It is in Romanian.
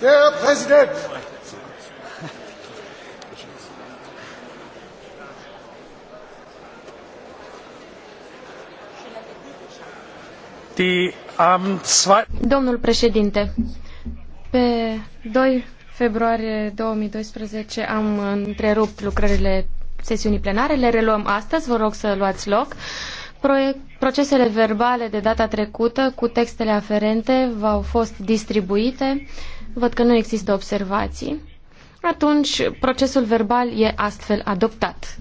Der Präsident! Domnul președinte, pe 2 februarie 2012 am întrerupt lucrările sesiunii plenare. Le reluăm astăzi. Vă rog să luați loc. Procesele verbale de data trecută cu textele aferente v-au fost distribuite. Văd că nu există observații. Atunci, procesul verbal e astfel adoptat.